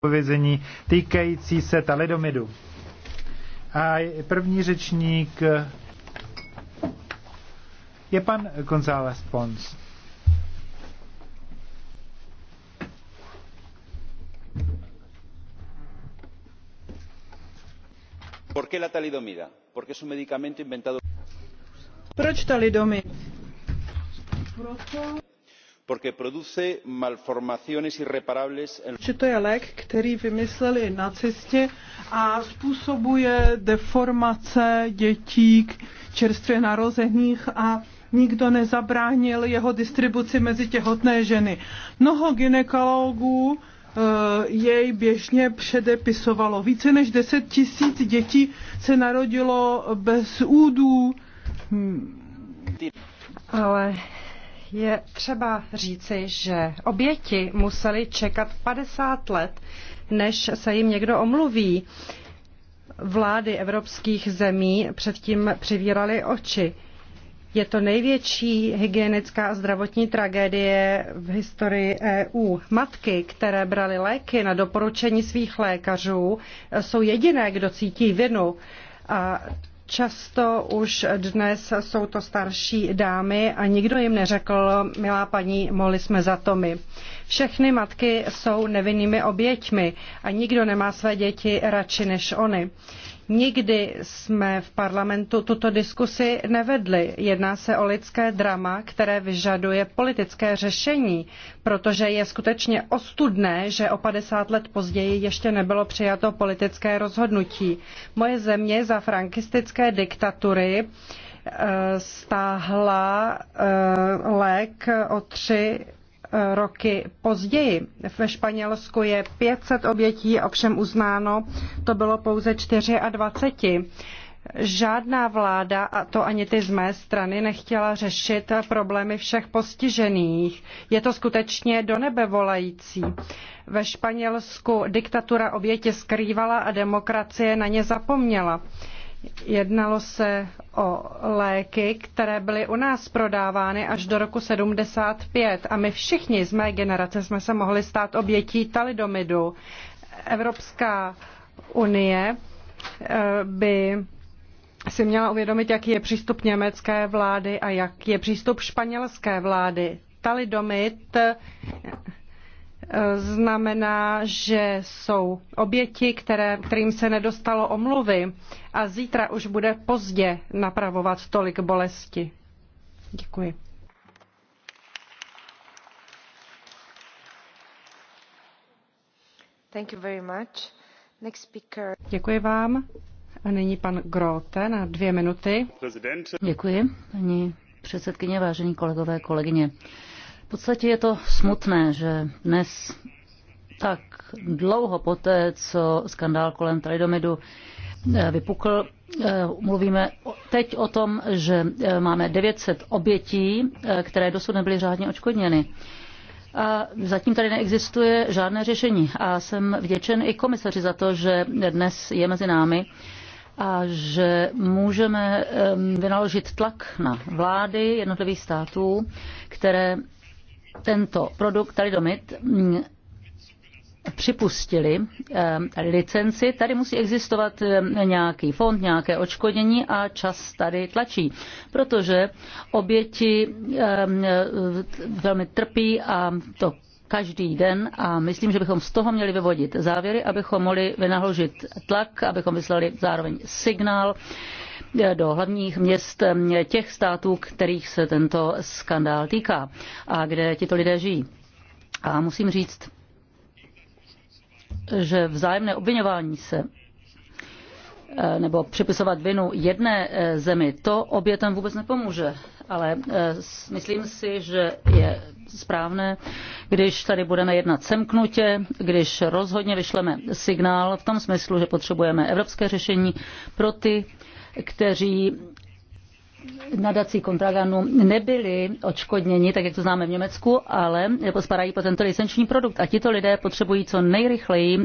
povězení týkající se talidomidu. A první řečník je pan González Pons. talidomida? inventado. Proč talidomid? Proto, porque produce malformaciones irreparables. Že to je lék, který vymysleli nacisti a způsobuje deformace dětí čerstvě narozených a nikdo nezabránil jeho distribuci mezi těhotné ženy. Mnoho ginekologů eh, jej běžně předepisovalo. Více než 10 tisíc dětí se narodilo bez údů. Hmm. Ale je třeba říci, že oběti museli čekat 50 let, než se jim někdo omluví. Vlády evropských zemí předtím přivíraly oči. Je to největší hygienická a zdravotní tragédie v historii EU. Matky, které braly léky na doporučení svých lékařů, jsou jediné, kdo cítí vinu. A Často už dnes jsou to starší dámy a nikdo jim neřekl, milá paní, mohli jsme za to my. Všechny matky jsou nevinnými oběťmi a nikdo nemá své děti radši než oni. Nikdy jsme v parlamentu tuto diskusi nevedli. Jedná se o lidské drama, které vyžaduje politické řešení, protože je skutečně ostudné, že o 50 let později ještě nebylo přijato politické rozhodnutí. Moje země za frankistické diktatury eh, stáhla eh, lék o tři roky později. Ve Španělsku je 500 obětí, ovšem uznáno, to bylo pouze 24. Žádná vláda, a to ani ty z mé strany, nechtěla řešit problémy všech postižených. Je to skutečně do nebe volající. Ve Španělsku diktatura oběti skrývala a demokracie na ně zapomněla. Jednalo se o léky, které byly u nás prodávány až do roku 75 a my všichni z mé generace jsme se mohli stát obětí talidomidu. Evropská unie eh, by si měla uvědomit, jaký je přístup německé vlády a jaký je přístup španělské vlády. Talidomid znamená, že jsou oběti, které, kterým se nedostalo omluvy a zítra už bude pozdě napravovat tolik bolesti. Děkuji. Thank you very much. Next speaker. Děkuji vám. A nyní pan Grote na dvě minuty. Děkuji, paní předsedkyně, vážení kolegové, kolegyně. V podstatě je to smutné, že dnes tak dlouho poté, co skandál kolem Tridomidu eh, vypukl, eh, mluvíme teď o tom, že eh, máme 900 obětí, které dosud nebyly řádně očkodněny. A zatím tady neexistuje žádné řešení. A jsem vděčen i komisaři za to, že dnes je mezi námi a že můžeme vynaložit tlak na vlády jednotlivých států, které tento produkt talidomid mm, připustili eh, tady licenci, tady musí existovat eh, nějaký fond, nějaké očkodnění a čas tady tlačí, protože oběti eh, velmi trpí a to každý den a myslím, že bychom z toho měli vyvodit závěry, abychom mohli vynaložit tlak, abychom vyslali zároveň signál do hlavních měst těch států, kterých se tento skandál týká a kde tito lidé žijí. A musím říct, že vzájemné obvinování se e, nebo připisovat vinu jedné e, zemi, to obětem vůbec nepomůže. Ale e, myslím si, že je správné, když tady budeme jednat semknutě, když rozhodně vyšleme signál v tom smyslu, že potřebujeme evropské řešení pro ty kteří nadací kontraganu nebyli odškodněni, tak jak to známe v Německu, ale jako spadají po tento licenční produkt a tito lidé potřebují co nejrychleji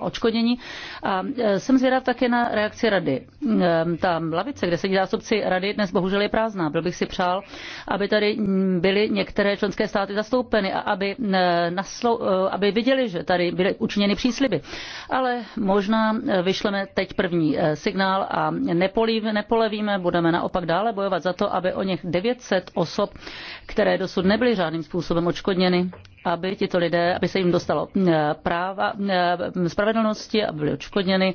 odškodnění. A e, jsem zvědav také na reakci rady. Ta lavice, kde sedí zástupci rady, dnes bohužel je prázdná. Byl bych si přál, aby tady byly některé členské státy zastoupeny a aby, naslou, e, aby viděli, že tady byly učiněny přísliby. Ale možná e, vyšleme teď první signál a nepolevíme, budeme naopak dále dále bojovat za to, aby o něch 900 osob, které dosud nebyly žádným způsobem očkodněny, aby tito lidé, aby se jim dostalo eh, práva, eh, spravedlnosti, aby byly očkodněny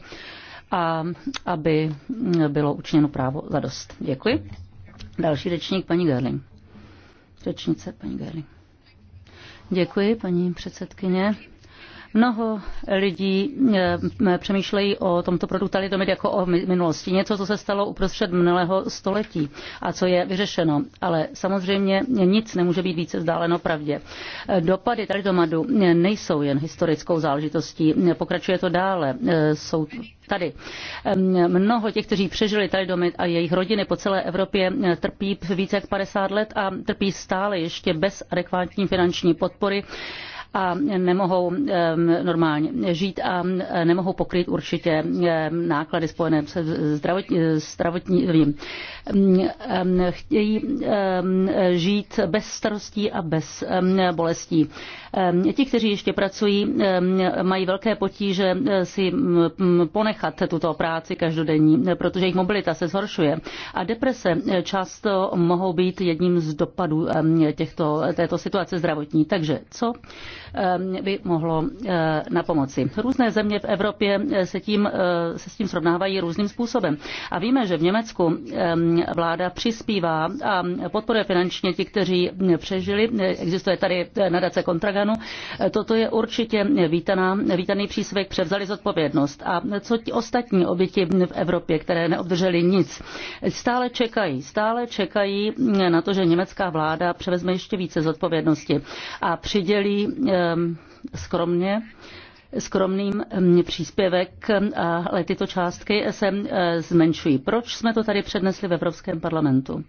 a aby mm, bylo učiněno právo za dost. Děkuji. Další řečník, paní Gerling. Řečnice, paní Gerling. Děkuji, paní předsedkyně. Mnoho lidí eh, přemýšlejí o tomto produktu talidomid jako o minulosti. Něco, co se stalo uprostřed minulého století a co je vyřešeno. Ale samozřejmě nic nemůže být více vzdáleno pravdě. Eh, dopady talidomadu eh, nejsou jen historickou záležitostí. Pokračuje to dále. Jsou tady. Mnoho těch, kteří přežili talidomid a jejich rodiny po celé Evropě trpí více jak 50 let a trpí stále ještě bez adekvátní finanční podpory a nemohou normálně žít a nemohou pokryt určitě náklady spojené se zdravotní, zdravotní chtějí žít bez starostí a bez bolestí. Ti, kteří ještě pracují, mají velké potíže si ponechat tuto práci každodenní, protože jejich mobilita se zhoršuje. A deprese často mohou být jedním z dopadů těchto, této situace zdravotní. Takže co? Ehm, by mohlo eh, na pomoci. Různé země v Evropě eh, se, tím, eh, se s tím srovnávají různým způsobem. A víme, že v Německu ehm, vláda přispívá a podporuje finančně ti, kteří hm, přežili. Existuje tady nadace Kontraganu. Toto je určitě vítaná, vítaný přísvěk, převzali zodpovědnost. A co ti ostatní oběti hm, v Evropě, které neobdrželi nic, stále čekají, stále čekají hm, na to, že německá vláda převezme ještě více zodpovědnosti a přidělí Ehm, skromně skromným ehm, příspěvek, ale tyto částky se eh, zmenšují. Proč jsme to tady přednesli v Evropském parlamentu?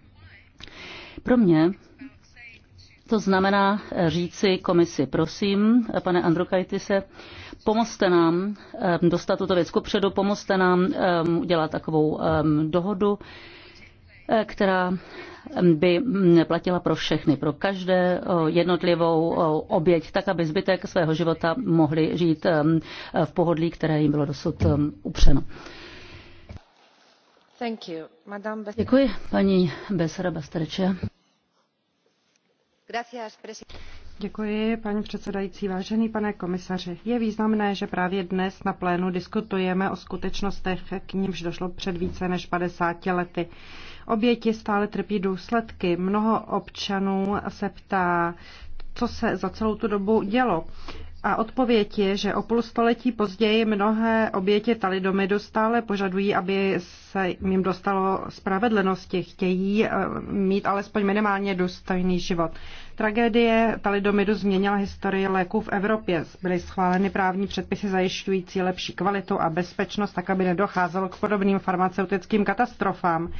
Pro mě to znamená eh, říci komisi, prosím, pane Androkajtise, pomozte nám ehm, dostat tuto věc kupředu, pomozte nám udělat takovou dohodu, Eh, která mm, by mm, platila pro všechny, pro každé jednotlivou oběť, tak aby zbytek svého života mohli žít v pohodlí, které jim bylo dosud upřeno. Thank you. Děkuji, paní Besara Basterče. Děkuji, paní předsedající. Vážený pane komisaři, je významné, že právě dnes na plénu diskutujeme o skutečnostech, k nímž došlo před více než 50 lety. Oběti stále trpí důsledky. Mnoho občanů se ptá, co se za celou tu dobu dělo. A odpověď je, že o půl století později mnohé oběti talidomidu stále požadují, aby se jim dostalo spravedlnosti. Chtějí eh, mít alespoň minimálně důstojný život. Tragédie talidomidu změnila historii léků v Evropě. Byly schváleny právní předpisy zajišťující lepší kvalitu a bezpečnost, tak aby nedocházelo k podobným farmaceutickým katastrofám,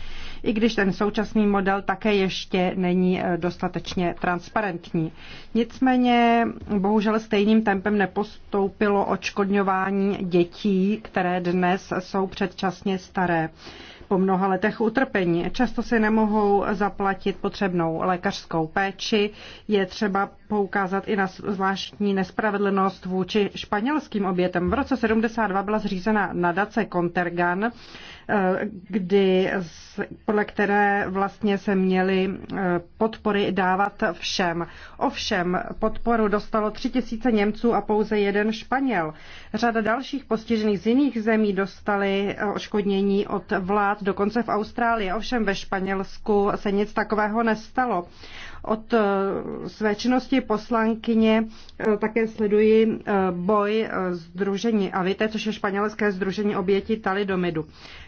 i když ten současný model také ještě není eh, dostatečně transparentní. Nicméně bohužel stejným tempem nepostoupilo očkodňování dětí, které dnes jsou předčasně staré po mnoha letech utrpení. Často si nemohou zaplatit potřebnou lékařskou péči, je třeba poukázat i na zvláštní nespravedlnost vůči španělským obětem. V roce 72 byla zřízena nadace Contergan, eh, kdy, podle které vlastně se měly eh, podpory dávat všem. Ovšem podporu dostalo 3000 Němců a pouze jeden Španěl. Řada dalších postižených z jiných zemí dostali eh, oškodnění od vlád, dokonce v Austrálii. Ovšem ve Španělsku se nic takového nestalo. Od eh, své činnosti poslankyně eh, také sleduji eh, boj Združení Avite, což je španělské Združení obětí talidomidu.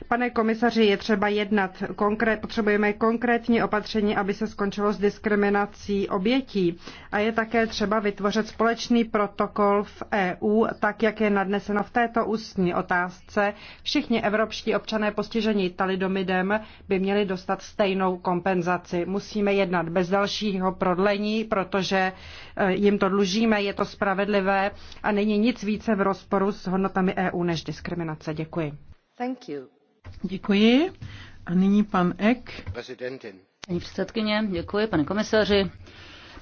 Pane komisaři, je třeba jednat. konkré, potřebujeme konkrétní opatření, aby se skončilo s diskriminací obětí. A je také třeba vytvořit společný protokol v EU, tak jak je nadneseno v této ústní otázce. Všichni evropští občané postižení talidomidem by měli dostat stejnou kompenzaci. Musíme jednat bez další dalšího prodlení, protože eh, jim to dlužíme, je to spravedlivé a není nic více v rozporu s hodnotami EU než diskriminace. Děkuji. Thank you. Děkuji. A nyní pan Ek. Paní předsedkyně, děkuji, pane komisaři.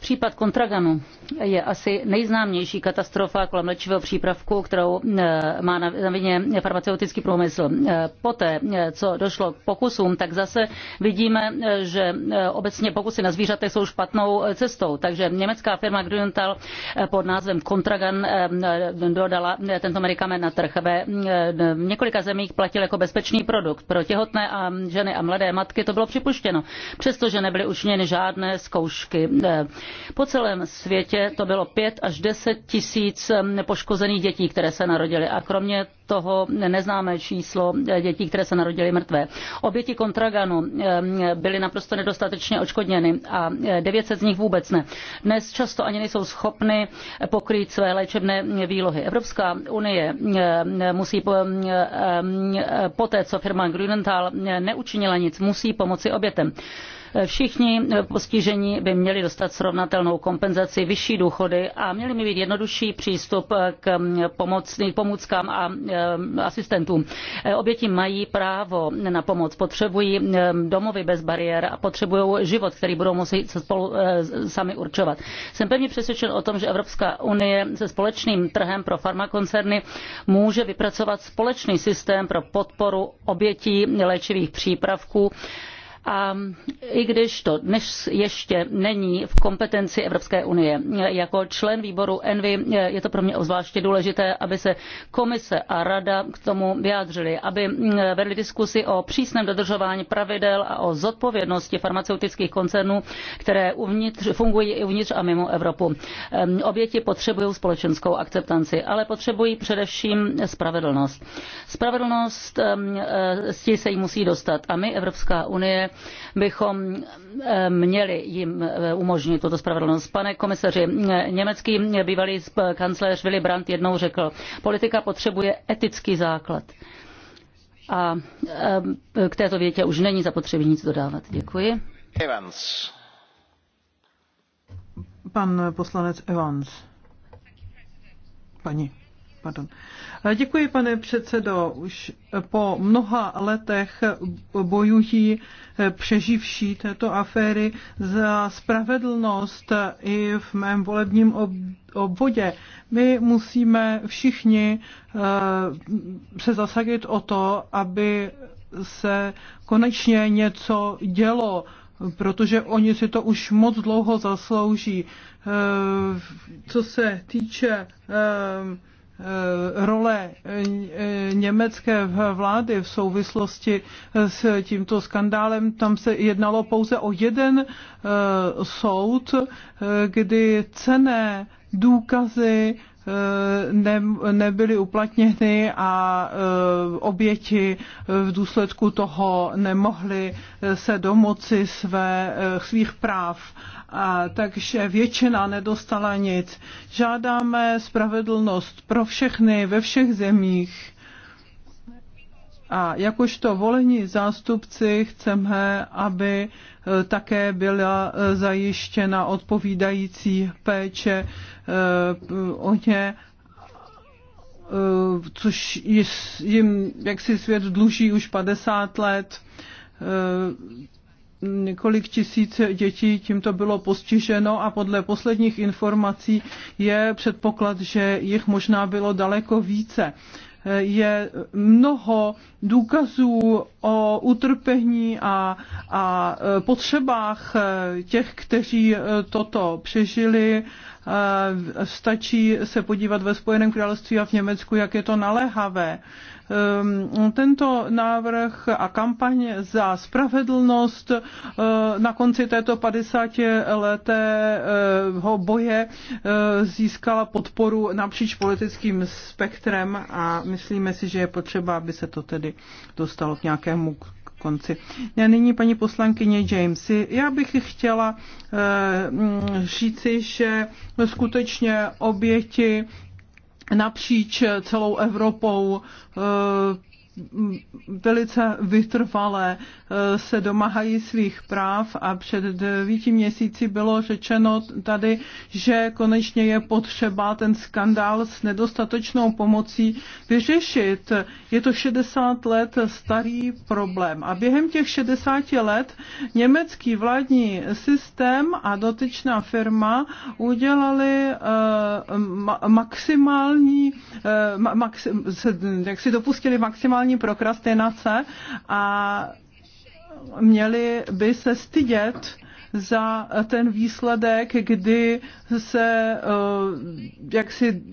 Případ Kontraganu je asi nejznámější katastrofa kolem léčivého přípravku, kterou eh, má na vině farmaceutický průmysl. Eh, poté, eh, co došlo k pokusům, tak zase vidíme, že obecně pokusy na zvířatech jsou špatnou cestou. Takže německá firma Grünenthal pod názvem Kontragan dodala tento medicament na trh. Ve několika zemích platil jako bezpečný produkt. Pro těhotné a ženy a mladé matky to bylo připuštěno, přestože nebyly učiněny žádné zkoušky. Po celém světě to bylo 5 až 10 tisíc poškozených dětí, které se narodily. A kromě toho neznámé číslo eh, dětí, které se narodily mrtvé. Oběti kontraganu byly naprosto nedostatečně očkodněny a 900 eh, z nich vůbec ne. Dnes často ani nejsou schopny pokrýt své léčebné výlohy. Evropská unie musí poté, co firma Grünenthal neučinila nic, musí pomoci obětem. Všichni eh, postižení by měli dostat srovnatelnou kompenzaci, vyšší důchody a měli by mít jednodušší přístup eh, k mm, pomocným pomůckám a eh, asistentům. Oběti mají právo na pomoc, potřebují domovy bez bariér a potřebují život, který budou muset spolu sami určovat. Jsem pevně přesvědčen o tom, že Evropská unie se společným trhem pro farmakoncerny může vypracovat společný systém pro podporu obětí léčivých přípravků, a i když to dnes ještě není v kompetenci Evropské unie. Jako člen výboru Envy je to pro mě obzvláště důležité, aby se komise a rada k tomu vyjádřili, aby vedli diskusi o přísném dodržování pravidel a o zodpovědnosti farmaceutických koncernů, které uvnitř, fungují i uvnitř a mimo Evropu. Oběti potřebují společenskou akceptanci, ale potřebují především spravedlnost. Spravedlnost e, ti se jí musí dostat a my, Evropská unie, bychom eh, měli jim eh, umožnit tuto spravedlnost. Pane komisaři, eh, německý bývalý kancléř Willy Brandt jednou řekl, politika potřebuje etický základ. A k této větě už není zapotřebí nic dodávat. Děkuji. Evans. Pan poslanec Evans. Paní Pardon. Eh, děkuji, pane předsedo. Už po mnoha letech bojují eh, přeživší této aféry za spravedlnost eh, i v mém volebním obvodě. My musíme všichni se zasadit o to, aby se konečně něco dělo protože oni si to už moc dlouho zaslouží. Co se týče Eh, role eh, německé vlády v souvislosti s tímto skandálem. Tam se jednalo pouze o jeden eh, soud, kdy cené důkazy Eh, ne, nebyly uplatněny a eh, oběti eh, v důsledku toho nemohly se domoci své, svých práv. A, takže většina nedostala nic. Žádáme spravedlnost pro všechny ve všech zemích a jakožto volení zástupci chceme, aby e, také byla e, zajištěna odpovídající péče e, o ně což jim jaksi svět dluží už 50 let. Několik tisíc dětí tímto bylo postiženo a podle posledních informací je předpoklad, že jich možná bylo daleko více je mnoho důkazů o utrpení a, a e, potřebách e, těch, kteří e, toto přežili. Stačí se podívat ve Spojeném království a v Německu, jak je to naléhavé. Ehm, tento návrh a kampaň za spravedlnost eh, na konci této 50 letého eh, boje eh, získala podporu napříč politickým spektrem a myslíme si, že je potřeba, aby se to tedy dostalo k nějakému konci. Já nyní paní poslankyně James. Já bych chtěla říci, že skutečně oběti napříč celou Evropou eh, velice vytrvalé e, se domáhají svých práv a před devíti měsíci bylo řečeno tady, že konečně je potřeba ten skandál s nedostatečnou pomocí vyřešit. Je to 60 let starý problém a během těch 60 let německý vládní systém a dotyčná firma udělali e, maximální, e, jak si dopustili maximální totální prokrastinace a měli by se stydět za ten výsledek, kdy se eh, jaksi si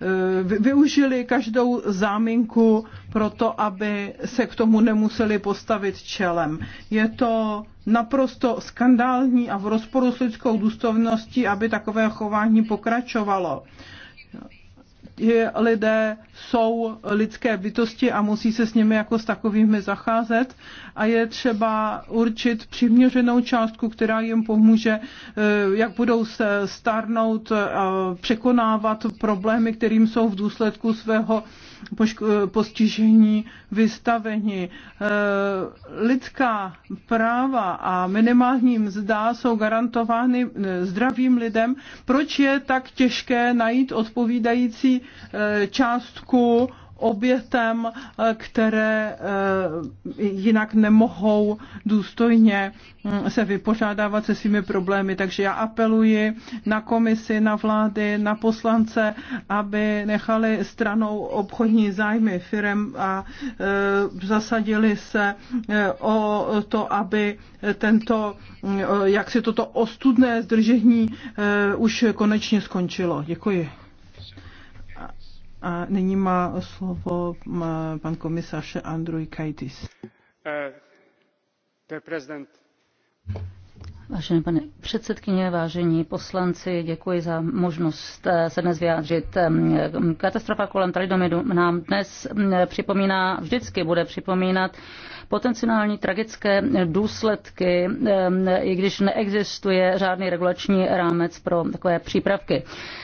eh, využili každou záminku pro to, aby se k tomu nemuseli postavit čelem. Je to naprosto skandální a v rozporu s lidskou důstojností, aby takové chování pokračovalo. Lidé jsou lidské bytosti a musí se s nimi jako s takovými zacházet a je třeba určit přiměřenou částku, která jim pomůže, eh, jak budou se starnout, eh, překonávat problémy, kterým jsou v důsledku svého eh, postižení vystavení Lidská práva a minimální mzda jsou garantovány zdravým lidem. Proč je tak těžké najít odpovídající částku majetku obětem, které eh, jinak nemohou důstojně hm, se vypořádávat se svými problémy. Takže já apeluji na komisi, na vlády, na poslance, aby nechali stranou obchodní zájmy firem a eh, zasadili se eh, o to, aby tento, hm, jak si toto ostudné zdržení už konečně skončilo. Děkuji. A nyní má slovo pan komisař Andrej Kajtis. Eh, Vážené pane předsedkyně, vážení poslanci, děkuji za možnost eh, se dnes vyjádřit. Katastrofa kolem Talidomidu nám dnes připomíná, vždycky bude připomínat, potenciální tragické důsledky, i když neexistuje žádný regulační rámec pro takové přípravky.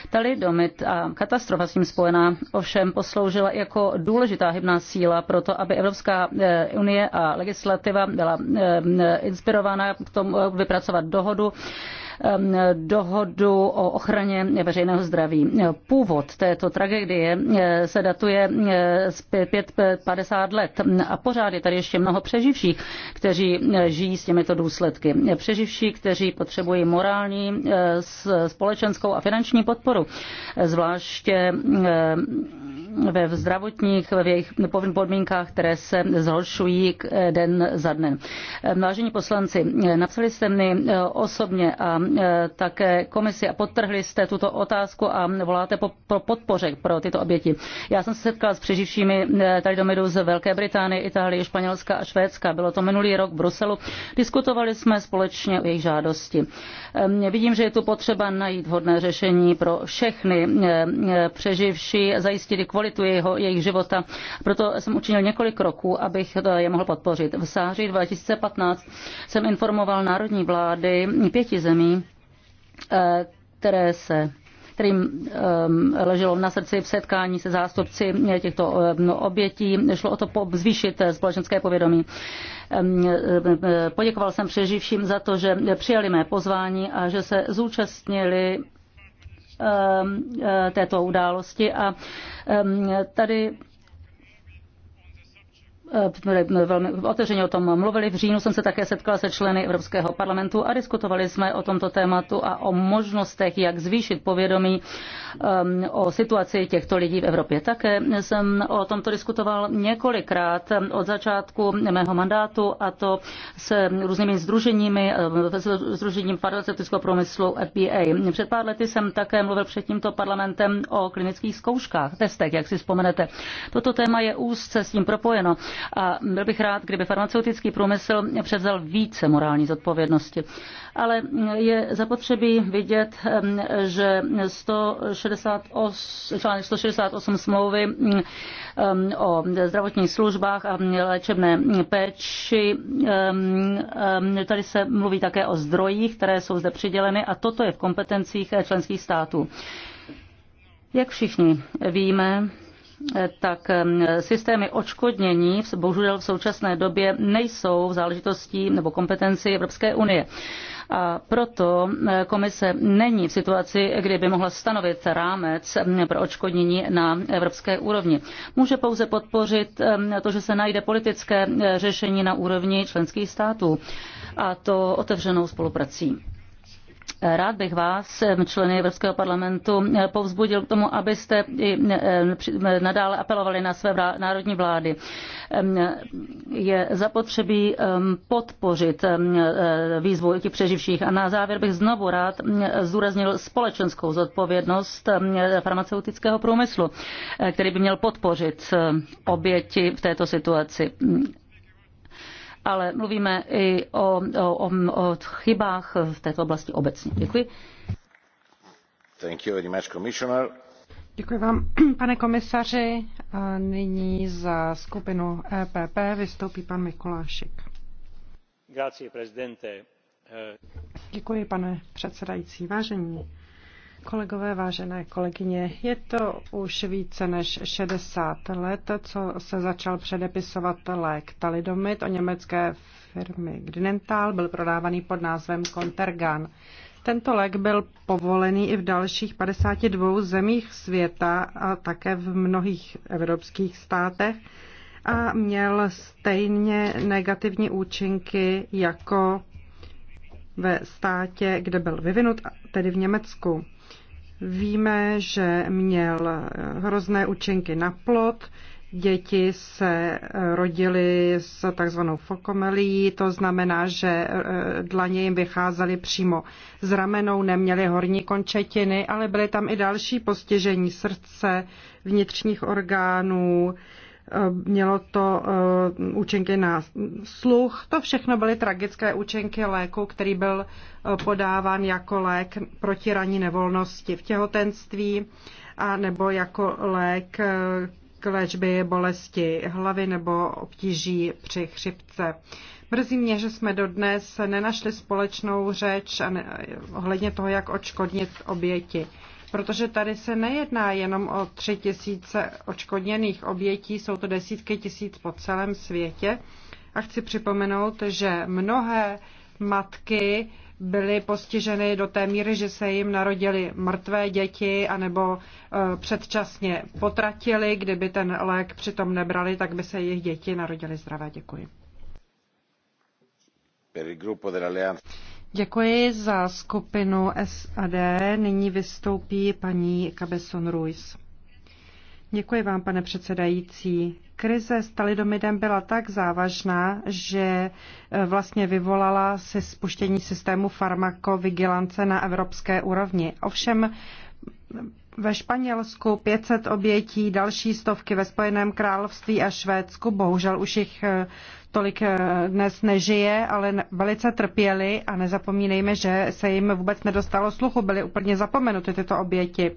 Talidomid a katastrofa s tím spojená ovšem posloužila jako důležitá hybná síla pro to, aby Evropská eh, unie a legislativa byla inspirována k tomu eh, vypracovat dohodu, Um, dohodu o ochraně veřejného zdraví. Původ této tragédie eh, se datuje eh, z 50 let a pořád je tady ještě mnoho přeživších, kteří eh, žijí s těmito důsledky. Přeživší, kteří potřebují morální, společenskou a finanční podporu, zvláště ve zdravotních, ve jejich podmínkách, které se zhoršují den za dnem. Vážení poslanci, napsali jste mi osobně a Eh, také komisi a podtrhli jste tuto otázku a voláte po, po podpoře pro tyto oběti. Já jsem se setkal s přeživšími eh, tady talidomidů z Velké Británie, Itálie, Španělska a Švédska. Bylo to minulý rok v Bruselu. Diskutovali jsme společně o jejich žádosti. Eh, vidím, že je tu potřeba najít vhodné řešení pro všechny přeživší, zajistit kvalitu jeho, jejich života. Proto jsem učinil několik kroků, abych je mohl podpořit. V září 2015 jsem informoval národní vlády pěti zemí Eh, které se kterým ehm, leželo na srdci v setkání se zástupci eh, těchto ehm, obětí. Šlo o to zvýšit eh, společenské povědomí. Ehm, poděkoval jsem přeživším za to, že přijali mé pozvání a že se zúčastnili této události. A tady Eh, velmi otevřeně o tom mluvili. V říjnu jsem se také setkala se členy Evropského parlamentu a diskutovali jsme o tomto tématu a o možnostech, jak zvýšit povědomí ehm, o situaci těchto lidí v Evropě. Také jsem o tomto diskutoval několikrát ehm, od začátku mého mandátu a to s různými združeními, ehm, združením farmaceutického průmyslu FBA. Před pár lety jsem také mluvil před tímto parlamentem o klinických zkouškách, testech, jak si vzpomenete. Toto téma je úzce s tím propojeno. A byl bych rád, kdyby farmaceutický průmysl převzal více morální zodpovědnosti. Ale je zapotřebí vidět, že 168, článek 168 smlouvy o zdravotních službách a léčebné péči, tady se mluví také o zdrojích, které jsou zde přiděleny a toto je v kompetencích členských států. Jak všichni víme, tak systémy očkodnění bohužel v současné době nejsou v záležitosti nebo kompetenci Evropské unie. A proto komise není v situaci, kdy by mohla stanovit rámec pro očkodnění na evropské úrovni. Může pouze podpořit to, že se najde politické e, řešení na úrovni členských států a to otevřenou spoluprací. Rád bych vás, eh, členy Evropského parlamentu, eh, povzbudil k tomu, abyste i eh, nadále apelovali na své národní vlády. Ehm, je zapotřebí ehm, podpořit ehm, výzvu těch přeživších. A na závěr bych znovu rád zdůraznil společenskou zodpovědnost farmaceutického průmyslu, který by měl podpořit oběti v této situaci ale mluvíme i o, o, o, o chybách v této oblasti obecně. Děkuji. Thank you very much, Commissioner. Děkuji vám, pane komisaři. A nyní za skupinu EPP vystoupí pan Mikulášik. Grazie, eh. Děkuji, pane předsedající. Vážení Kolegové, vážené kolegyně, je to už více než 60 let, co se začal předepisovat lék talidomid o německé firmy Gnental, byl prodávaný pod názvem Contergan. Tento lék byl povolený i v dalších 52 zemích světa a také v mnohých evropských státech a měl stejně negativní účinky jako ve státě, kde byl vyvinut, tedy v Německu. Víme, že měl hrozné účinky na plod, děti se rodily s takzvanou fokomelí, to znamená, že e, dlaně jim vycházely přímo z ramenou, neměly horní končetiny, ale byly tam i další postižení srdce, vnitřních orgánů, Eh, mělo to eh, účinky na sluch. To všechno byly tragické účinky léku, který byl eh, podáván jako lék proti raní nevolnosti v těhotenství a nebo jako lék k léčbě bolesti hlavy nebo obtíží při chřipce. Mrzí mě, že jsme dodnes nenašli společnou řeč a ohledně toho, jak odškodnit oběti protože tady se nejedná jenom o tři tisíce očkodněných obětí, jsou to desítky tisíc po celém světě. A chci připomenout, že mnohé matky byly postiženy do té míry, že se jim narodily mrtvé děti anebo e, předčasně potratili. Kdyby ten lék přitom nebrali, tak by se jejich děti narodily zdravé. Děkuji. Děkuji za skupinu SAD. Nyní vystoupí paní Cabeson Ruiz. Děkuji vám, pane předsedající. Krize s talidomidem byla tak závažná, že eh, vlastně vyvolala se spuštění systému farmakovigilance na evropské úrovni. Ovšem mm, ve Španělsku 500 obětí, další stovky ve Spojeném království a Švédsku, bohužel už jich eh, tolik eh, dnes nežije, ale velice trpěli a nezapomínejme, že se jim vůbec nedostalo sluchu, byly úplně zapomenuty tyto oběti.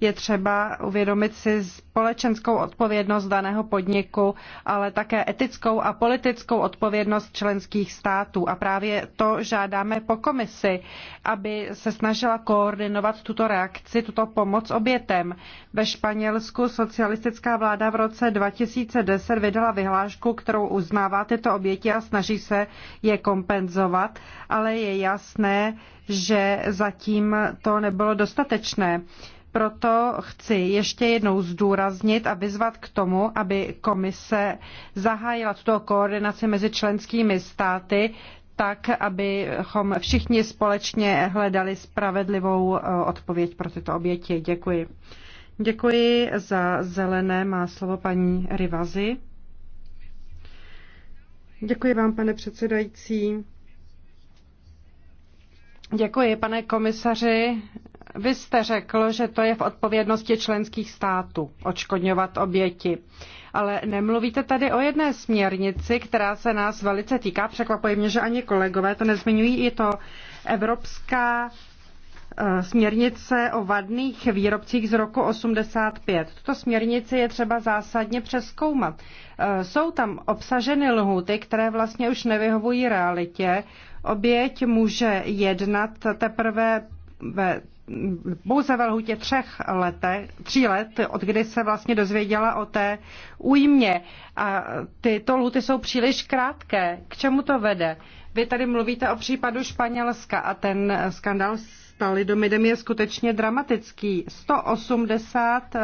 Je třeba uvědomit si společenskou odpovědnost daného podniku, ale také etickou a politickou odpovědnost členských států. A právě to žádáme po komisi, aby se snažila koordinovat tuto reakci, tuto pomoc obětem. Ve Španělsku socialistická vláda v roce 2010 vydala vyhlášku, kterou uznává tyto oběti a snaží se je kompenzovat, ale je jasné, že zatím to nebylo dostatečné. Proto chci ještě jednou zdůraznit a vyzvat k tomu, aby komise zahájila tuto koordinaci mezi členskými státy, tak, abychom všichni společně hledali spravedlivou eh, odpověď pro tyto oběti. Děkuji. Děkuji za zelené. Má slovo paní Rivazi. Děkuji vám, pane předsedající. Děkuji, pane komisaři. Vy jste řekl, že to je v odpovědnosti členských států odškodňovat oběti. Ale nemluvíte tady o jedné směrnici, která se nás velice týká. Překvapuje mě, že ani kolegové to nezmiňují. Je to Evropská Eh, směrnice o vadných výrobcích z roku 85. Tuto směrnici je třeba zásadně přeskoumat. Eh, jsou tam obsaženy lhuty, které vlastně už nevyhovují realitě. Oběť může jednat teprve ve pouze ve lhutě třech lete, tří let, od kdy se vlastně dozvěděla o té újmě. A tyto lhuty jsou příliš krátké. K čemu to vede? Vy tady mluvíte o případu Španělska a ten skandal s s talidomidem je skutečně dramatický. 180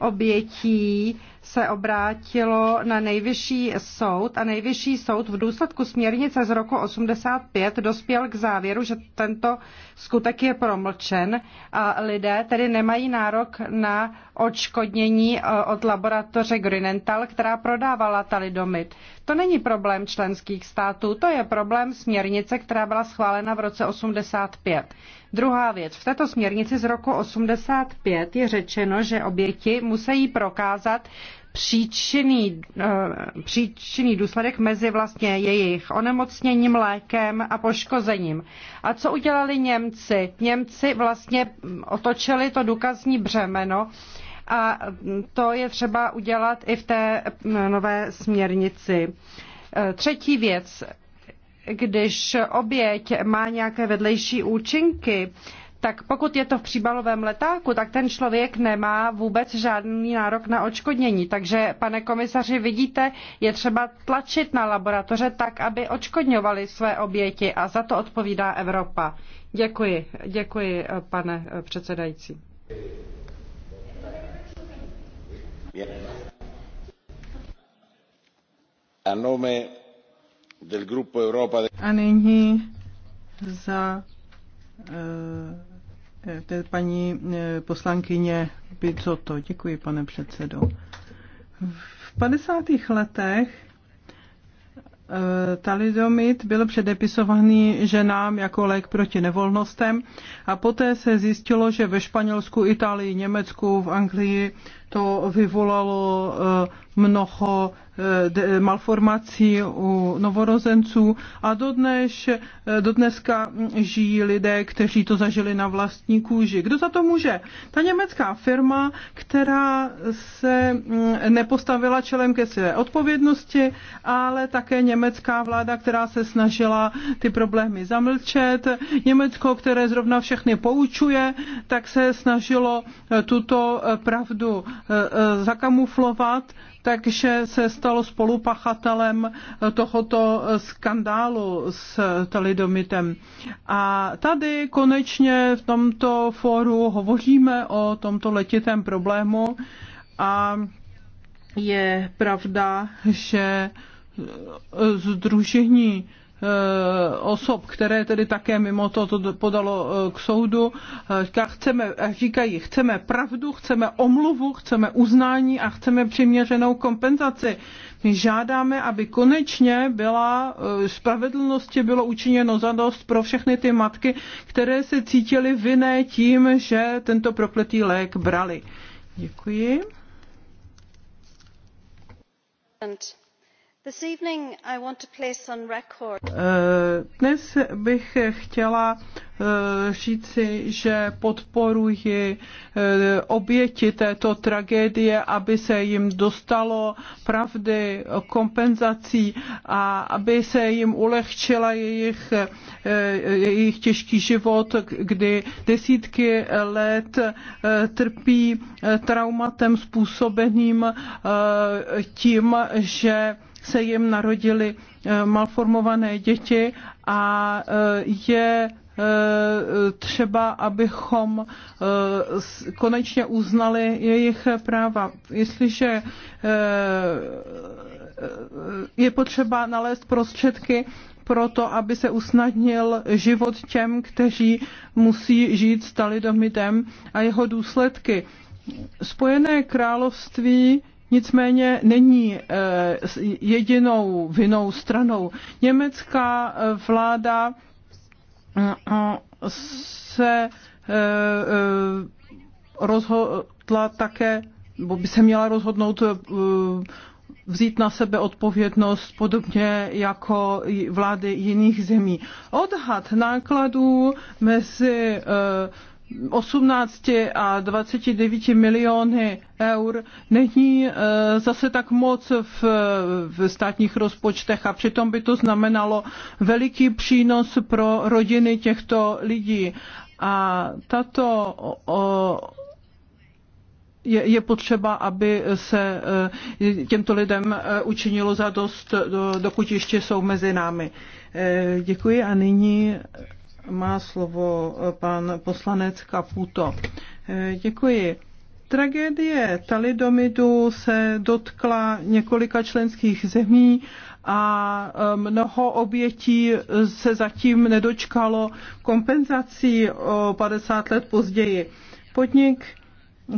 obětí se obrátilo na nejvyšší soud a nejvyšší soud v důsledku směrnice z roku 85 dospěl k závěru, že tento skutek je promlčen a lidé tedy nemají nárok na odškodnění eh, od laboratoře Grinental, která prodávala talidomid. To není problém členských států, to je problém směrnice, která byla schválena v roce 85. Druhá věc. V této směrnici z roku 85 je řečeno, že oběti musí prokázat příčinný, eh, příčinný důsledek mezi vlastně jejich onemocněním, lékem a poškozením. A co udělali Němci? Němci vlastně otočili to důkazní břemeno a to je třeba udělat i v té nové směrnici. Eh, třetí věc, když oběť má nějaké vedlejší účinky, tak pokud je to v příbalovém letáku, tak ten člověk nemá vůbec žádný nárok na očkodnění. Takže, pane komisaři, vidíte, je třeba tlačit na laboratoře tak, aby očkodňovali své oběti a za to odpovídá Evropa. Děkuji, děkuji, pane předsedající. A nyní za uh paní eh, poslankyně Bicoto. Děkuji, pane předsedo. V 50. letech eh, talidomid byl předepisovaný ženám jako lék proti nevolnostem a poté se zjistilo, že ve Španělsku, Itálii, Německu, v Anglii to vyvolalo eh, mnoho eh, malformací u novorozenců a dodneš, eh, dodneska žijí lidé, kteří to zažili na vlastní kůži. Kdo za to může? Ta německá firma, která se mm, nepostavila čelem ke své odpovědnosti, ale také německá vláda, která se snažila ty problémy zamlčet. Německo, které zrovna všechny poučuje, tak se snažilo tuto pravdu Eh, eh, zakamuflovat, takže se stalo spolupachatelem eh, tohoto skandálu s talidomitem. A tady konečně v tomto fóru hovoříme o tomto letitém problému a je pravda, že združení Eh, osob, které tedy také mimo to, to podalo eh, k soudu, eh, říká, chceme, říkají, chceme pravdu, chceme omluvu, chceme uznání a chceme přiměřenou kompenzaci. My žádáme, aby konečně byla spravedlnosti bylo učiněno zadost pro všechny ty matky, které se cítily vinné tím, že tento prokletý lék brali. Děkuji. And Eh, dnes bych chtěla eh, říci, že podporuji eh, oběti této tragédie, aby se jim dostalo pravdy, kompenzací a aby se jim ulehčila jejich, jejich těžký život, kdy desítky let trpí traumatem způsobeným tím, že se jim narodily eh, malformované děti a eh, je eh, třeba, abychom konečně uznali jejich práva. Jestliže je potřeba nalézt prostředky pro to, aby se usnadnil život těm, kteří musí žít s talidomidem a jeho důsledky. Spojené království nicméně není eh, jedinou vinou stranou. Německá eh, vláda eh, se rozhodla také, bo by se měla rozhodnout vzít na sebe odpovědnost podobně jako vlády jiných zemí. Odhad nákladů mezi 18 a 29 miliony eur není eh, zase tak moc v, v státních rozpočtech a přitom by to znamenalo veliký přínos pro rodiny těchto lidí. A tato o, je, je potřeba, aby se eh, těmto lidem eh, učinilo zadost, dokud ještě jsou mezi námi. Děkuji a nyní má slovo eh, pan poslanec Kaputo. Eh, děkuji. Tragédie talidomidu se dotkla několika členských zemí a eh, mnoho obětí se zatím nedočkalo kompenzací o 50 let později. Podnik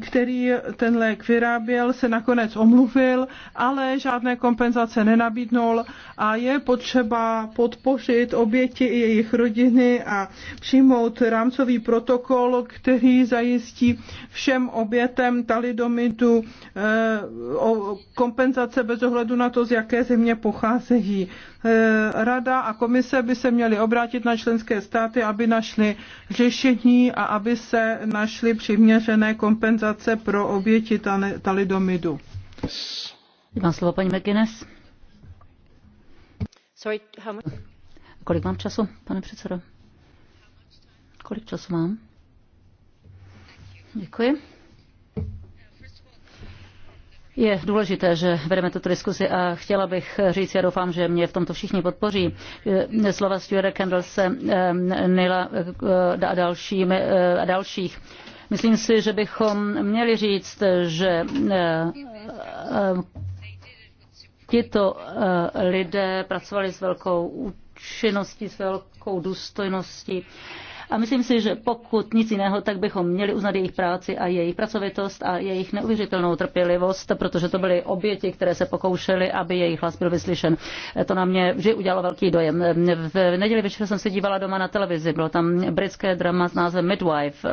který ten lék vyráběl, se nakonec omluvil, ale žádné kompenzace nenabídnul a je potřeba podpořit oběti i jejich rodiny a přijmout rámcový protokol, který zajistí všem obětem talidomidu eh, kompenzace bez ohledu na to, z jaké země pocházejí. Eh, Rada a komise by se měly obrátit na členské státy, aby našly řešení a aby se našly přiměřené kompenzace pro oběti talidomidu. Mám slovo paní McGuinness. Sorry, how much? Kolik mám času, pane předsedo? Kolik času mám? Děkuji. Je důležité, že vedeme tuto diskusi a chtěla bych říct, já doufám, že mě v tomto všichni podpoří, eh, Slova slova Kendall se eh, Nila eh, a, další, a dalších. Myslím si, že bychom měli říct, že tito lidé pracovali s velkou účinností, s velkou důstojností a myslím si, že pokud nic jiného, tak bychom měli uznat jejich práci a jejich pracovitost a jejich neuvěřitelnou trpělivost, protože to byly oběti, které se pokoušely, aby jejich hlas byl vyslyšen. To na mě vždy udělalo velký dojem. V neděli večer jsem se dívala doma na televizi, bylo tam britské drama s názvem Midwife,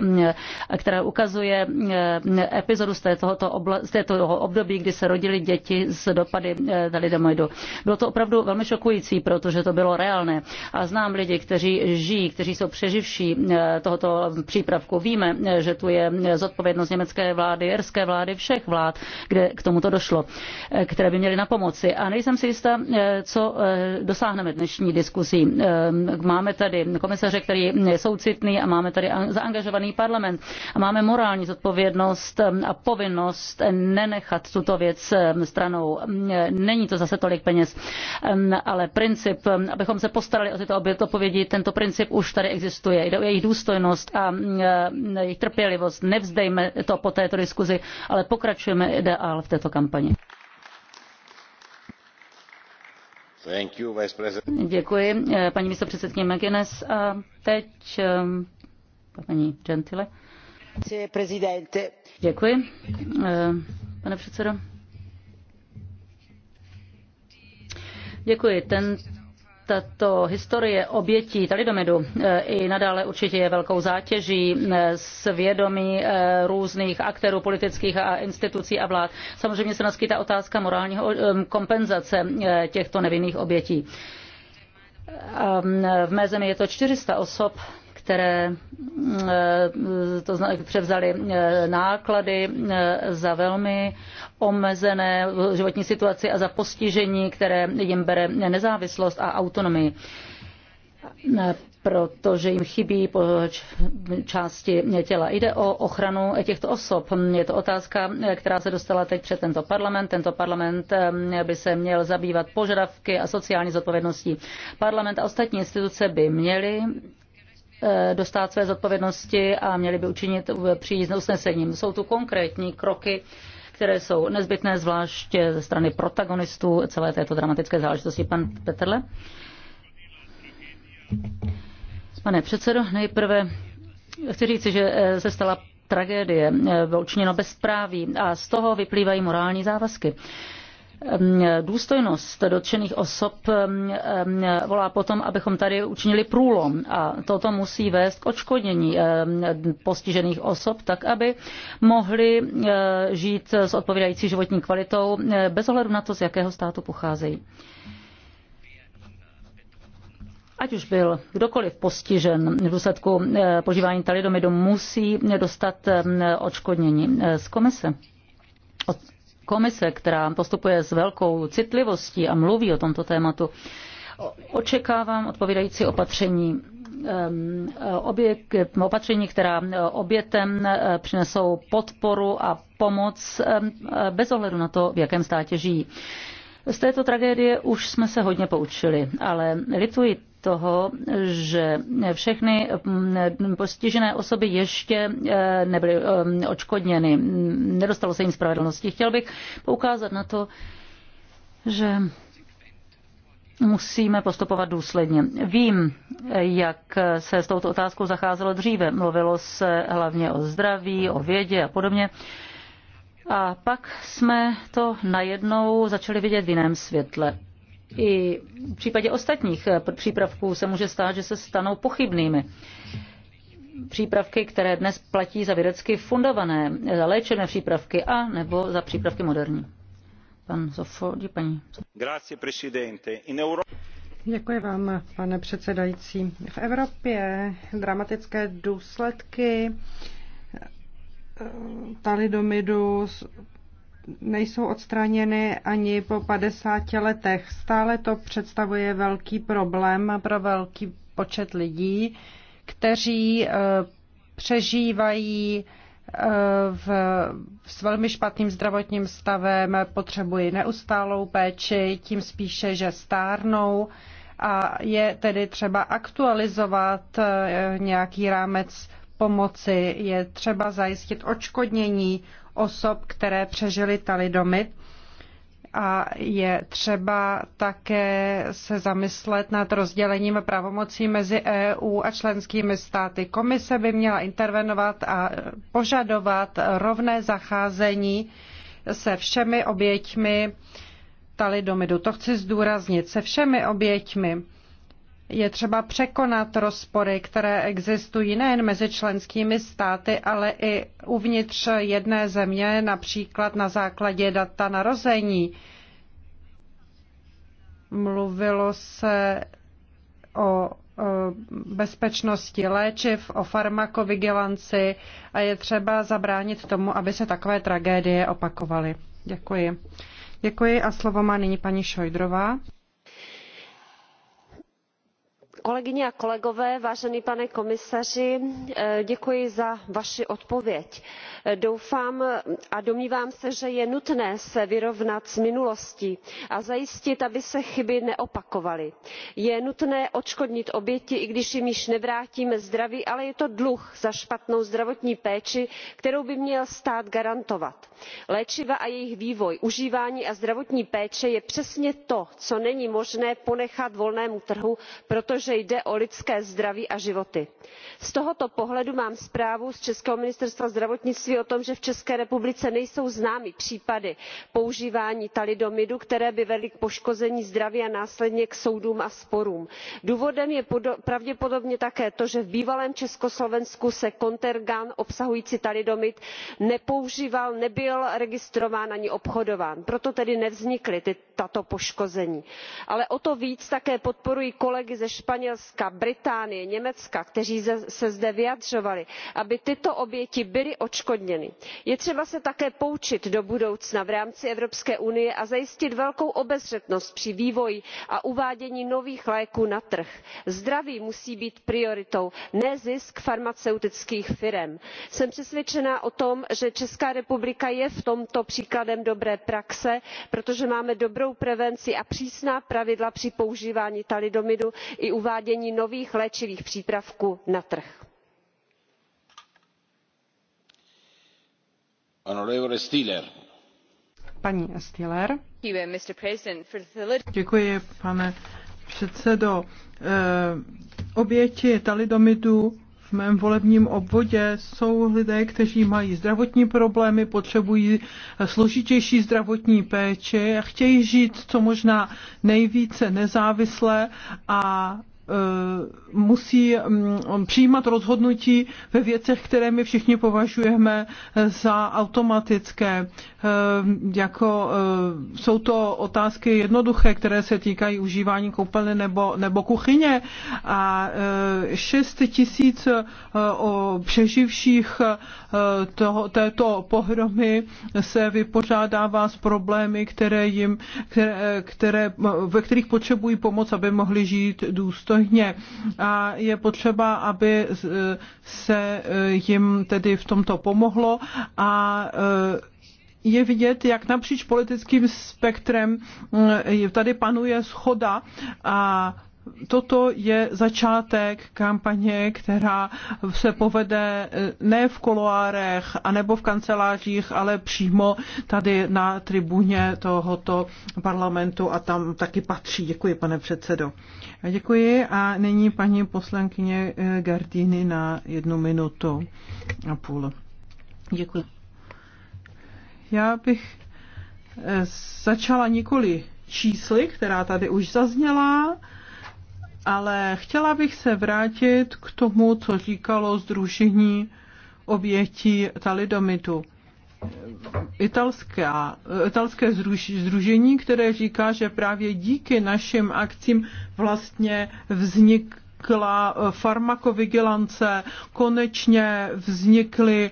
která ukazuje eh, epizodu z, tohoto obla- z této období, kdy se rodili děti z dopady talidomidu. Eh, bylo to opravdu velmi šokující, protože to bylo reálné. A znám lidi, kteří žijí, kteří jsou přeživší Eh, tohoto přípravku. Víme, eh, že tu je eh, zodpovědnost německé vlády, jerské vlády, všech vlád, kde k tomuto došlo, které by měly na pomoci. A nejsem si jistá, co dosáhneme dnešní diskusí. Máme tady komisaře, který je soucitný a máme tady zaangažovaný parlament a máme morální zodpovědnost a povinnost nenechat tuto věc stranou. Není to zase tolik peněz, ale princip, abychom se postarali o tyto obětopovědi, tento princip už tady existuje. Jde o jejich důstojnost a e, jejich trpělivost. Nevzdejme to po této diskuzi, ale pokračujeme dál v této kampani. You, Děkuji, e, paní místopředsedkyně McGuinness. A teď e, paní Gentile. Děkuji, pane předsedo. Děkuji. Ten tato historie obětí talidomidu eh, i nadále určitě je velkou zátěží eh, svědomí eh, různých aktérů politických a institucí a vlád. Samozřejmě se naskytá otázka morální kompenzace těchto nevinných obětí. V mé zemi je to 400 osob, které eh, to převzali eh, náklady eh, za velmi omezené životní situaci a za postižení, které jim bere nezávislost a autonomii protože jim chybí po části těla. Jde o ochranu těchto osob. Je to otázka, která se dostala teď před tento parlament. Tento parlament by se měl zabývat požadavky a sociální zodpovědností. Parlament a ostatní instituce by měly Eh, dostát své zodpovědnosti a měli by učinit eh, přijít usnesením. Jsou tu konkrétní kroky, které jsou nezbytné zvláště eh, ze strany protagonistů celé této dramatické záležitosti. Pan Petrle. Pane předsedo, nejprve chci říci, že se stala tragédie, bylo učiněno bezpráví a z toho vyplývají morální závazky. Ehm, důstojnost dotčených osob ehm, ehm, volá potom, abychom tady učinili průlom a toto musí vést k odškodnění postižených osob, tak aby mohli eh, žít s odpovídající životní kvalitou eh, bez ohledu na to, z jakého státu pocházejí. Ať už byl kdokoliv postižen v důsledku eh, požívání talidomidu, musí dostat odškodnění z komise komise, která postupuje s velkou citlivostí a mluví o tomto tématu, očekávám odpovídající opatření objekt, opatření, která obětem eh, přinesou podporu a pomoc eh, bez ohledu na to, v jakém státě žijí. Z této tragédie už jsme se hodně poučili, ale lituji toho, že všechny mm, postižené osoby ještě eh, nebyly eh, očkodněny. Nedostalo se jim spravedlnosti. Chtěl bych poukázat na to, že musíme postupovat důsledně. Vím, jak se s touto otázkou zacházelo dříve. Mluvilo se hlavně o zdraví, o vědě a podobně. A pak jsme to najednou začali vidět v jiném světle i v případě ostatních eh, přípravků se může stát, že se stanou pochybnými přípravky, které dnes platí za vědecky fundované, za eh, léčené přípravky a nebo za přípravky moderní. Pan Zofodi, paní. Grazie, presidente. In Euro... Děkuji vám, pane předsedající. V Evropě dramatické důsledky eh, talidomidu nejsou odstraněny ani po 50 letech. Stále to představuje velký problém pro velký počet lidí, kteří eh, přežívají eh, v, s velmi špatným zdravotním stavem, potřebují neustálou péči, tím spíše, že stárnou a je tedy třeba aktualizovat eh, nějaký rámec pomoci, je třeba zajistit očkodnění osob, které přežily talidomid a je třeba také se zamyslet nad rozdělením pravomocí mezi EU a členskými státy. Komise by měla intervenovat a požadovat rovné zacházení se všemi oběťmi talidomidu. To chci zdůraznit, se všemi oběťmi. Je třeba překonat rozpory, které existují nejen mezi členskými státy, ale i uvnitř jedné země, například na základě data narození. Mluvilo se o bezpečnosti léčiv, o farmakovigilanci a je třeba zabránit tomu, aby se takové tragédie opakovaly. Děkuji. Děkuji a slovo má nyní paní Šojdrová kolegyně a kolegové vážený pane komisaři eh, děkuji za vaši odpověď. Eh, doufám a domnívám se že je nutné se vyrovnat s minulostí a zajistit aby se chyby neopakovaly. je nutné odškodnit oběti i když jim již nevrátíme zdraví ale je to dluh za špatnou zdravotní péči kterou by měl stát garantovat. léčiva a jejich vývoj užívání a zdravotní péče je přesně to co není možné ponechat volnému trhu protože protože jde o lidské zdraví a životy. z tohoto pohledu mám zprávu z českého ministerstva zdravotnictví o tom že v české republice nejsou známy případy používání thalidomidu které by vedly k poškození zdraví a následně k soudům a sporům. důvodem je pravděpodobně také to že v bývalém československu se kontergan obsahující thalidomid nepoužíval nebyl registrován ani obchodován proto tedy nevznikla tato poškození. ale o to více také podporuji kolegy ze španělska británie německa kteří se zde vyjadřovali aby tyto oběti byly odškodněny. je třeba se také poučit do budoucna v rámci evropské unie a zajistit velkou obezřetnost při vývoji a uvádění nových léků na trh. zdraví musí být prioritou ne zisk farmaceutických firem. jsem přesvědčena o tom že česká republika je v tomto příkladem dobré praxe protože máme dobrou prevenci a přísná pravidla při používání thalidomidu i uvádění nových léčivých přípravků na trh. Paní Stiller. Děkuji, pane předsedo. Eh, oběti thalidomidu v mém volebním obvodě jsou lidé, kteří mají zdravotní problémy, potřebují složitější zdravotní péči a chtějí žít co možná nejvíce nezávisle a Eh, musí mm, přijímat rozhodnutí ve věcech, které my všichni považujeme eh, za automatické. Eh, jako, jsou to otázky jednoduché, které se týkají užívání koupelny nebo, nebo kuchyně. A 6 tisíc přeživších toho, této pohromy se vypořádává s problémy, které jim, které, které, ve kterých potřebují pomoc, aby mohli žít důstojně rozhodně. A je potřeba, aby se eh, jim tedy v tomto pomohlo a eh, je vidět, jak napříč politickým spektrem mm, tady panuje schoda a toto je začátek kampaně, která se povede eh, ne v koloárech a nebo v kancelářích, ale přímo tady na tribuně tohoto parlamentu a tam taky patří. Děkuji, pane předsedo. Děkuji a nyní paní poslankyně eh, Gardini na jednu minutu a půl. Děkuji. Já bych eh, začala nikoli čísly, která tady už zazněla, ale chtěla bych se vrátit k tomu, co říkalo Združení obětí talidomitu. Italská, italské združení, které říká, že právě díky našim akcím vlastně vznikla farmakovigilance, konečně vznikly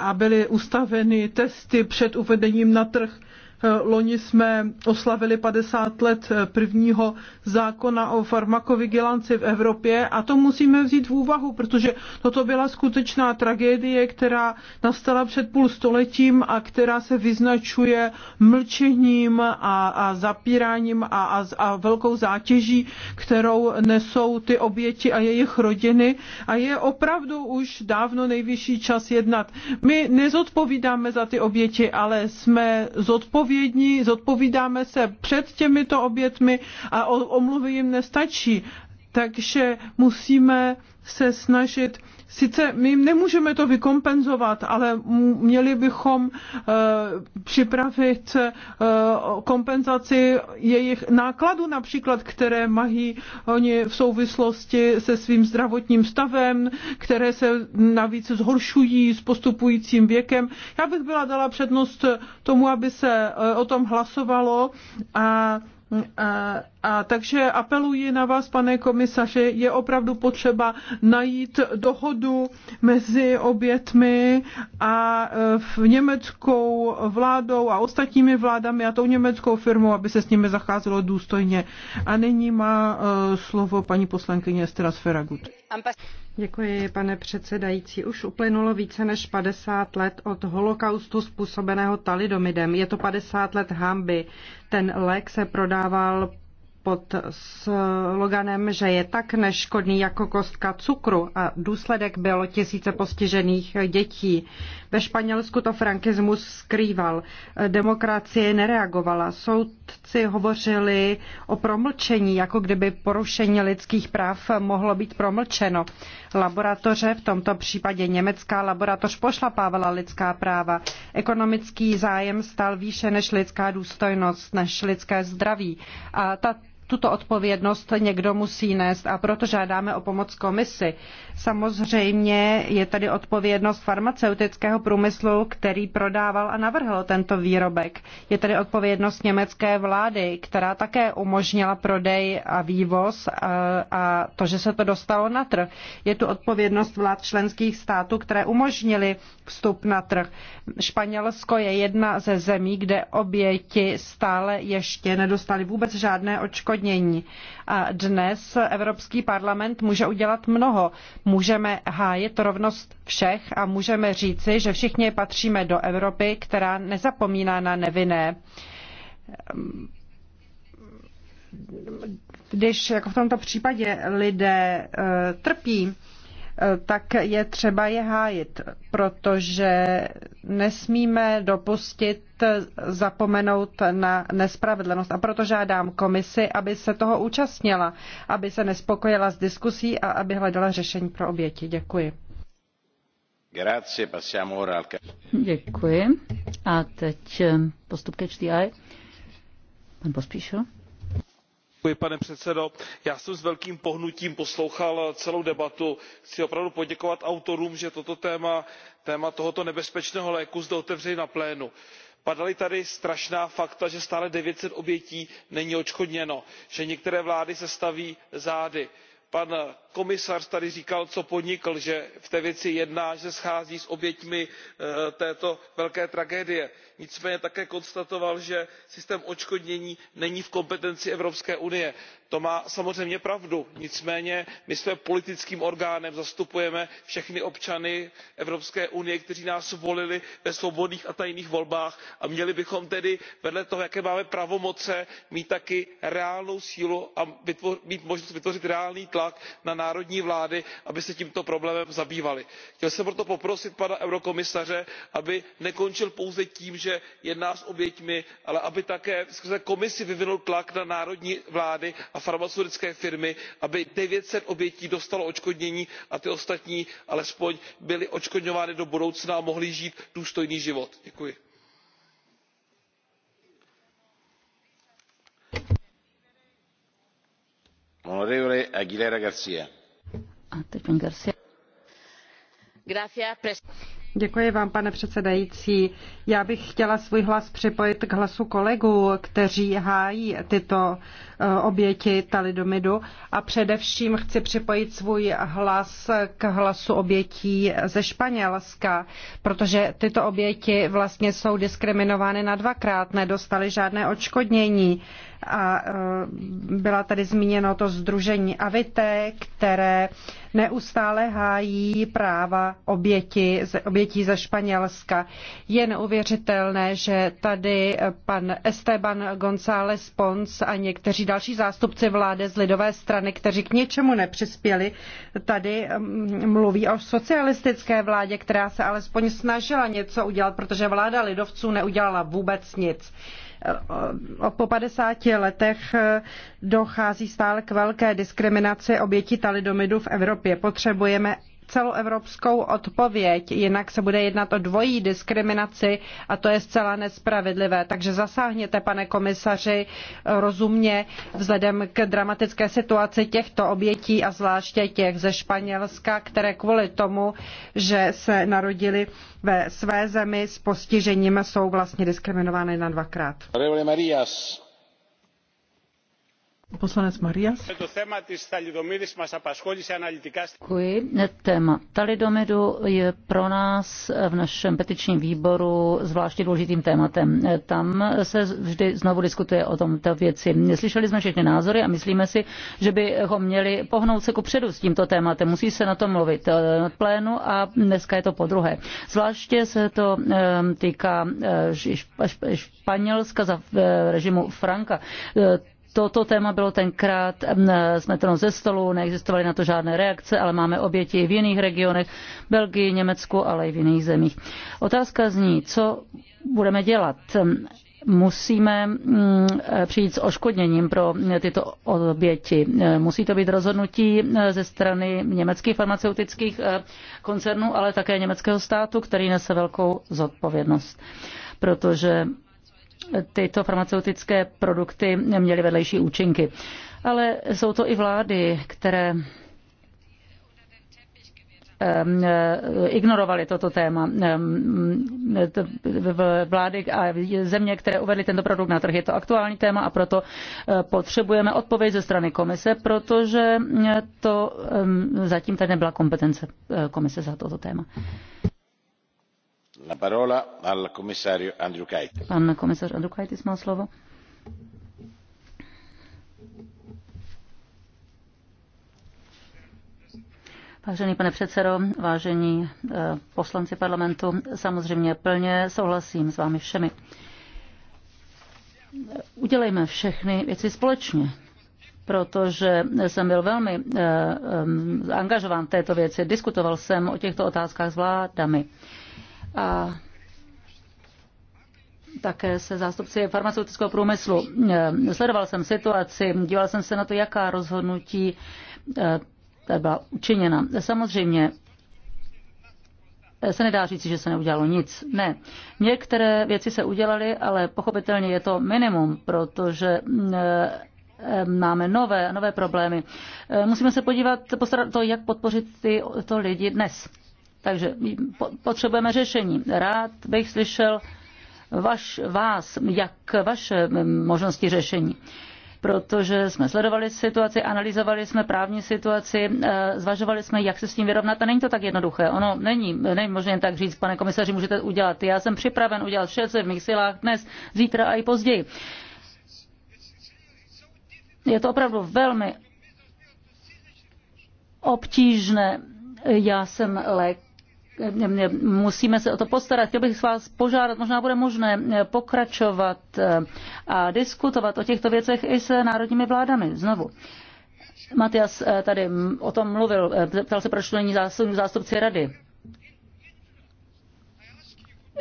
a byly ustaveny testy před uvedením na trh Eh, loni jsme oslavili 50 let eh, prvního zákona o farmakovigilanci v Evropě a to musíme vzít v úvahu, protože toto byla skutečná tragédie, která nastala před půl stoletím a která se vyznačuje mlčením a, a zapíráním a, a, a velkou zátěží, kterou nesou ty oběti a jejich rodiny. A je opravdu už dávno nejvyšší čas jednat. My nezodpovídáme za ty oběti, ale jsme zodpovědní zodpovědní, zodpovídáme se před těmito obětmi a omluvy jim nestačí. Takže musíme se snažit Sice my nemůžeme to vykompenzovat, ale měli bychom eh, připravit eh, kompenzaci jejich nákladů například, které mají oni v souvislosti se svým zdravotním stavem, které se navíc zhoršují s postupujícím věkem. Já bych byla dala přednost tomu, aby se eh, o tom hlasovalo a a, a takže apeluji na vás, pane komisaři, je opravdu potřeba najít dohodu mezi obětmi a e, v německou vládou a ostatními vládami a tou německou firmou, aby se s nimi zacházelo důstojně. A nyní má e, slovo paní poslankyně Estras Feragut. Děkuji, pane předsedající. Už uplynulo více než 50 let od holokaustu způsobeného talidomidem. Je to 50 let hamby. Ten lék se prodával pod sloganem, že je tak neškodný jako kostka cukru a důsledek byl tisíce postižených dětí. Ve Španělsku to frankismus skrýval, demokracie nereagovala, soudci hovořili o promlčení, jako kdyby porušení lidských práv mohlo být promlčeno laboratoře, v tomto případě německá laboratoř pošlapávala lidská práva. Ekonomický zájem stal výše než lidská důstojnost, než lidské zdraví. A ta, tuto odpovědnost někdo musí nést a proto žádáme o pomoc komisi. Samozřejmě je tady odpovědnost farmaceutického průmyslu, který prodával a navrhl tento výrobek. Je tady odpovědnost německé vlády, která také umožnila prodej a vývoz a, a to, že se to dostalo na trh. Je tu odpovědnost vlád členských států, které umožnili vstup na trh. Španělsko je jedna ze zemí, kde oběti stále ještě nedostali vůbec žádné očkodnění odůvodnění. A dnes Evropský parlament může udělat mnoho. Můžeme hájit rovnost všech a můžeme říci, že všichni patříme do Evropy, která nezapomíná na nevinné když jako v tomto případě lidé e, trpí, tak je třeba je hájit, protože nesmíme dopustit zapomenout na nespravedlnost. A proto žádám komisi, aby se toho účastnila, aby se nespokojila s diskusí a aby hledala řešení pro oběti. Děkuji. Děkuji. A teď eh, postup ke Pan Pospíšil pane předsedající já jsem s velkým pohnutím poslouchal celou debatu. chci opravdu poděkovat autorům že toto téma téma tohoto nebezpečného léku zde otevřeli na plénu. padala tady strašná fakta že stále nine hundred obětí není odškodněno že některé vlády se staví zády. pan komisař tady říkal co podnikl že v té věci jedná že se schází s oběťmi eh, této velké tragédie nicméně také konstatoval že systém odškodnění není v kompetenci evropské unie. to má samozřejmě pravdu nicméně my jsme politickým orgánem zastupujeme všechny občany evropské unie kteří nás volili ve svobodných a tajných volbách a měli bychom tedy vedle toho jaké máme pravomoci mít také reálnou sílu a mít možnost vytvořit reálný tlak na národní vlády aby se tímto problémem zabývaly. chtěl jsem proto poprosit pana komisaře aby nekončil pouze tím že jedná s oběťmi ale aby také skrze komisi vyvinul tlak na národní vlády a farmaceutické firmy aby nine hundred obětí dostalo odškodnění a ty ostatní alespoň byly odškodňovány do budoucna a mohly žít důstojný život. děkuji. vám, pane předsedající. Já bych chtěla svůj hlas připojit k hlasu kolegů, kteří hájí tyto eh, oběti thalidomidu a především chci připojit svůj hlas k hlasu obětí ze Španělska, protože tyto oběti vlastně jsou diskriminovány na dvakrát, nedostaly žádné odškodnění a e, byla tady zmíněno to združení Avite, které neustále hájí práva oběti, obětí ze Španělska. Je neuvěřitelné, že tady pan Esteban González Pons a někteří další zástupci vlády z lidové strany, kteří k ničemu nepřispěli, tady mluví o socialistické vládě, která se alespoň snažila něco udělat, protože vláda lidovců neudělala vůbec nic po 50 letech e, dochází stále k velké diskriminaci obětí talidomidu v Evropě. Potřebujeme celoevropskou odpověď, jinak se bude jednat o dvojí diskriminaci a to je zcela nespravedlivé. Takže zasáhněte, pane komisaři, rozumně vzhledem k dramatické situaci těchto obětí a zvláště těch ze Španělska, které kvůli tomu, že se narodili ve své zemi s postižením, jsou vlastně diskriminovány na dvakrát. Poslanec Marias. Děkuji. Téma talidomidu je pro nás v našem petičním výboru zvláště důležitým tématem. Tam se vždy znovu diskutuje o tomto věci. Slyšeli jsme všechny názory a myslíme si, že bychom měli pohnout se kupředu s tímto tématem. Musí se na tom mluvit eh, na plénu a dneska je to po druhé. Zvláště se to eh, týká eh, Španělska za režimu Franka. Toto téma bylo tenkrát smeteno ze stolu, neexistovaly na to žádné reakce, ale máme oběti i v jiných regionech, Belgii, Německu, ale i v jiných zemích. Otázka zní, co budeme dělat? musíme přijít s oškodněním pro tyto oběti. Musí to být rozhodnutí ze strany německých farmaceutických eh, koncernů, ale také německého státu, který nese velkou zodpovědnost, protože tyto farmaceutické produkty měly vedlejší účinky. Ale jsou to i vlády, které eh, ignorovali toto téma. Vlády a země, které uvedly tento produkt na trh, je to aktuální téma a proto eh, potřebujeme odpověď ze strany komise, protože to zatím tady nebyla kompetence eh, komise za toto téma. Pan komisař Andriukaitis má slovo. Vážený pane předsedo, vážení eh, poslanci parlamentu, samozřejmě plně souhlasím s vámi všemi. Udělejme všechny věci společně, protože jsem byl velmi eh, eh, angažován v této věci. Diskutoval jsem o těchto otázkách s vládami a také se zástupci farmaceutického průmyslu. Eh, sledoval jsem situaci, díval jsem se na to, jaká rozhodnutí eh, byla učiněna. Samozřejmě eh, se nedá říct, že se neudělalo nic. Ne. Některé věci se udělaly, ale pochopitelně je to minimum, protože máme nové, nové problémy. Musíme se podívat, postarat to, jak podpořit ty, to lidi dnes. Takže potřebujeme řešení. Rád bych slyšel vaš, vás, jak vaše možnosti řešení protože jsme sledovali situaci, analyzovali jsme právní situaci, e, zvažovali jsme, jak se s tím vyrovnat a není to tak jednoduché. Ono není, není možné jen tak říct, pane komisaři, můžete udělat. Já jsem připraven udělat vše, co je v mých silách dnes, zítra a i později. Je to opravdu velmi obtížné. Já jsem lék musíme se o to postarat. Chtěl bych vás požádat, možná bude možné eh, pokračovat eh, a diskutovat o těchto věcech i s národními vládami znovu. Matias eh, tady o tom mluvil, ptal se, proč to není zástupci rady.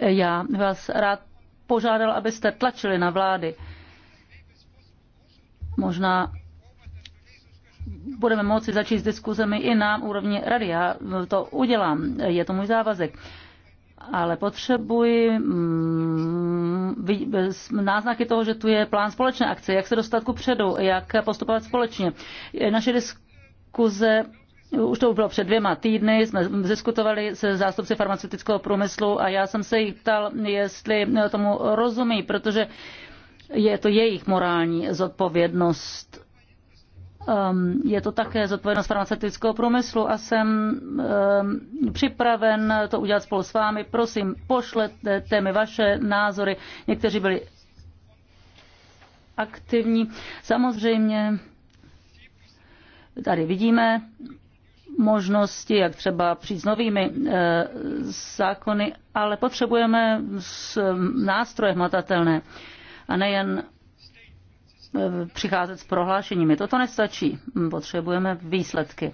Já vás rád požádal, abyste tlačili na vlády. Možná budeme moci začít s diskuzemi i na úrovni rady. Já to udělám, je to můj závazek. Ale potřebuji mm, náznaky toho, že tu je plán společné akce, jak se dostat ku předu, jak postupovat společně. Naše diskuze už to bylo před dvěma týdny, jsme diskutovali se zástupci farmaceutického průmyslu a já jsem se jich ptal, jestli tomu rozumí, protože je to jejich morální zodpovědnost Um, je to také zodpovědnost farmaceutického průmyslu a jsem um, připraven to udělat spolu s vámi. Prosím, pošlete témy vaše názory. Někteří byli aktivní. Samozřejmě tady vidíme možnosti, jak třeba přijít s novými e, zákony, ale potřebujeme s, um, nástroje hmatatelné a nejen přicházet s prohlášeními. Toto nestačí. Potřebujeme výsledky.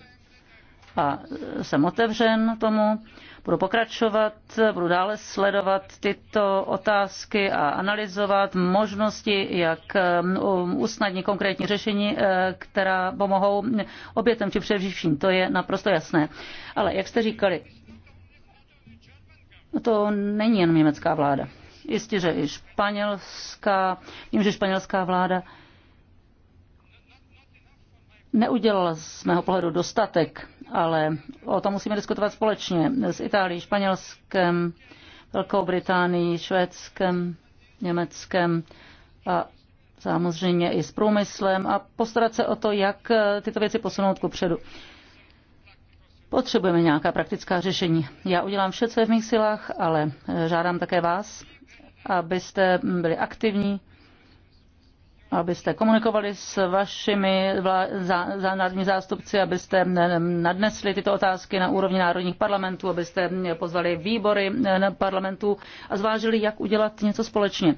A e, jsem otevřen tomu, budu pokračovat, budu dále sledovat tyto otázky a analyzovat možnosti, jak e, usnadnit konkrétní řešení, e, která pomohou obětem či přeživším. To je naprosto jasné. Ale jak jste říkali, to není jen německá vláda. Jistě, že i španělská, vím, že španělská vláda neudělala z mého pohledu dostatek, ale o tom musíme diskutovat společně s Itálií, Španělskem, Velkou Británií, Švédskem, Německem a samozřejmě i s průmyslem a postarat se o to, jak eh, tyto věci posunout ku předu. Potřebujeme nějaká praktická řešení. Já udělám vše, co je v mých silách, ale eh, žádám také vás, abyste mm, byli aktivní abyste komunikovali s vašimi za, národní zástupci, abyste nadnesli tyto otázky na úrovni národních parlamentů, abyste pozvali výbory e, parlamentů a zvážili, jak udělat něco společně.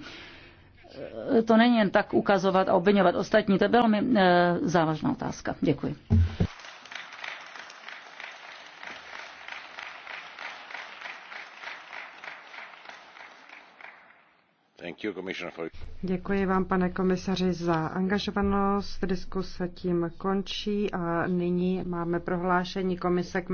E, to není jen tak ukazovat a obvinovat ostatní, to je velmi e, závažná otázka. Děkuji. Děkuji vám, pane komisaři, za angažovanost. Diskuse tím končí a nyní máme prohlášení komise k